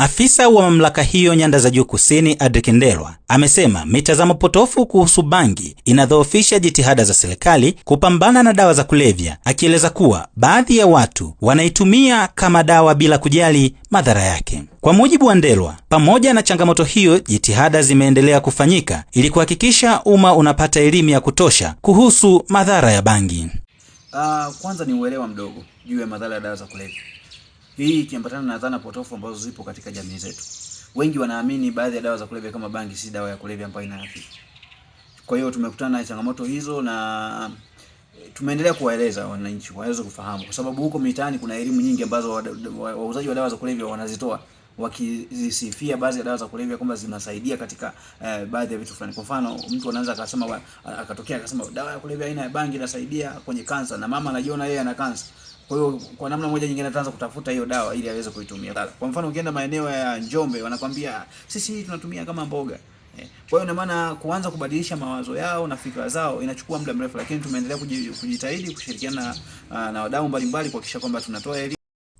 Afisa wa mamlaka hiyo nyanda za juu kusini, Adrick Ndelwa, amesema mitazamo potofu kuhusu bangi inadhoofisha jitihada za serikali kupambana na dawa za kulevya, akieleza kuwa baadhi ya watu wanaitumia kama dawa bila kujali madhara yake. Kwa mujibu wa Ndelwa, pamoja na changamoto hiyo, jitihada zimeendelea kufanyika ili kuhakikisha umma unapata elimu ya kutosha kuhusu madhara ya bangi. Uh, kwanza ni uelewa mdogo juu ya madhara ya dawa za kulevya hii ikiambatana na dhana potofu ambazo zipo katika jamii zetu. Wengi wanaamini baadhi ya dawa za kulevya kama bangi si dawa ya kulevya ambayo ina afya. Kwa hiyo tumekutana na changamoto hizo na eh, tumeendelea kuwaeleza wananchi waweze kufahamu, kwa sababu huko mitaani kuna elimu nyingi ambazo wauzaji wa dawa za kulevya wanazitoa wakizisifia baadhi ya dawa za kulevya kwamba zinasaidia katika eh, baadhi ya vitu fulani. Kwa mfano, mtu anaanza akasema akatokea akasema dawa ya kulevya aina ya bangi inasaidia kwenye kansa, na mama anajiona yeye ana kansa, kwa hiyo kwa namna moja nyingine ataanza kutafuta hiyo dawa ili aweze kuitumia. Kwa mfano ukienda maeneo ya Njombe wanakwambia sisi tunatumia kama mboga. Eh, kwa hiyo ina maana kuanza kubadilisha mawazo yao na fikra zao inachukua muda mrefu, lakini tumeendelea kujitahidi kushirikiana na, ah, na wadau mbalimbali kuhakikisha kwamba tunatoa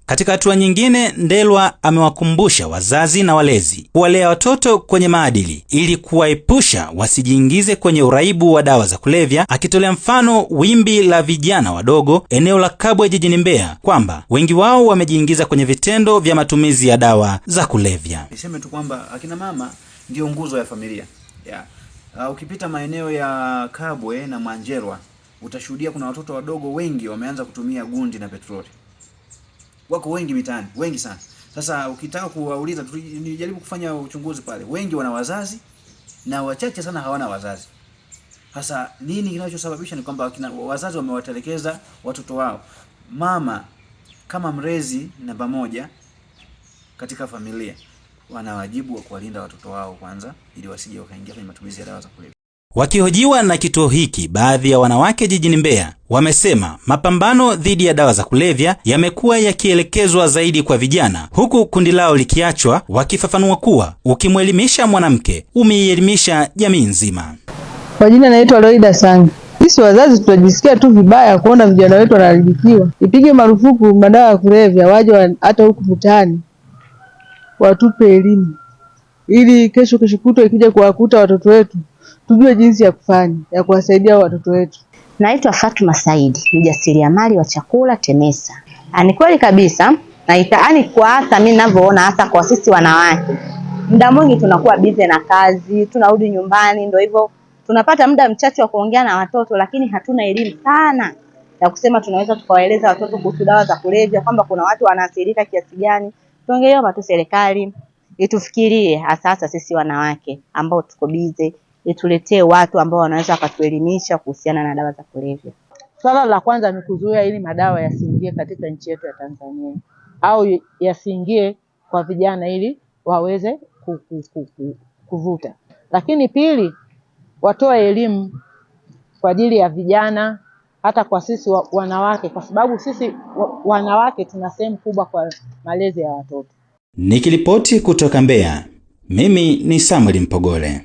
katika hatua nyingine, Ndelwa amewakumbusha wazazi na walezi kuwalea watoto kwenye maadili ili kuwaepusha wasijiingize kwenye uraibu wa dawa za kulevya, akitolea mfano wimbi la vijana wadogo eneo la Kabwe jijini Mbeya kwamba wengi wao wamejiingiza kwenye vitendo vya matumizi ya dawa za kulevya. Niseme tu kwamba akina mama ndio nguzo ya familia yeah. Uh, ukipita maeneo ya Kabwe na Mwanjerwa utashuhudia kuna watoto wadogo wengi wameanza kutumia gundi na petroli wako wengi mitaani, wengi sana. Sasa ukitaka kuwauliza, nijaribu kufanya uchunguzi pale, wengi wana wazazi na wachache sana hawana wazazi. Sasa nini kinachosababisha? Ni kwamba wazazi wamewatelekeza watoto wao. Mama kama mlezi namba moja katika familia, wana wajibu wa kuwalinda watoto wao kwanza, ili wasije wakaingia kwenye matumizi ya dawa za kulevya. Wakihojiwa na kituo hiki, baadhi ya wanawake jijini Mbeya wamesema mapambano dhidi ya dawa za kulevya yamekuwa yakielekezwa zaidi kwa vijana, huku kundi lao likiachwa. Wakifafanua kuwa ukimwelimisha mwanamke umeielimisha jamii nzima. Kwa jina naitwa Loida Sangi. Sisi wazazi tunajisikia tu vibaya kuona vijana wetu wanaharibikiwa. Ipige marufuku madawa ya kulevya, waje hata huku mtaani watupe elimu, ili kesho kesho kutwa ikija kuwakuta watoto wetu tujue jinsi ya kufanya ya kuwasaidia watoto wetu. Naitwa Fatuma Saidi, mjasiriamali wa chakula TEMESA. Ah, ni kweli kabisa naitaani kwa hata mimi ninavyoona, hasa kwa sisi wanawake, muda mwingi tunakuwa bize na kazi, tunarudi nyumbani, ndio hivyo tunapata muda mchache wa kuongea na watoto, lakini hatuna elimu sana ya kusema tunaweza tukawaeleza watoto kuhusu dawa za kulevya, kwamba kuna watu wanaathirika kiasi gani. Tuongeomba tu serikali itufikirie hasa hasa sisi wanawake ambao tuko bize ituletee watu ambao wanaweza wakatuelimisha kuhusiana na dawa za kulevya. Swala la kwanza ni kuzuia ili madawa yasiingie katika nchi yetu ya Tanzania au yasiingie kwa vijana ili waweze kuvuta, lakini pili, watoe elimu kwa ajili ya vijana hata kwa sisi wa, wanawake kwa sababu sisi wa, wanawake tuna sehemu kubwa kwa malezi ya watoto. Nikilipoti kutoka Mbeya, mimi ni Samuel Mpogole.